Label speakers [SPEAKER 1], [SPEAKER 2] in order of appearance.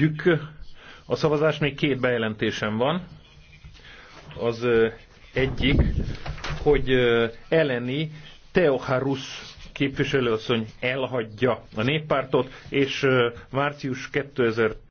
[SPEAKER 1] kezdjük a szavazás Még két bejelentésem van. Az egyik, hogy Eleni Teoharus képviselőasszony elhagyja a néppártot, és március 2000